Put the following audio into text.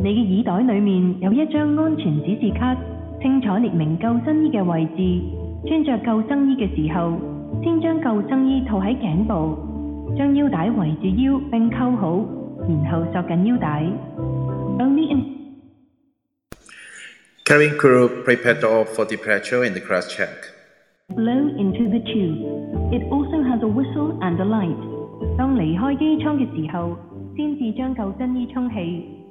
你嘅耳袋裏面有一張安全指示卡，清楚列明救生衣嘅位置。穿着救生衣嘅時候，先將救生衣套喺頸部，將腰帶圍住腰並扣好，然後索緊腰帶。當，crew prepared. Blow into the tube. It also has a whistle and a light. 當離開機艙嘅時候，先至將救生衣充氣。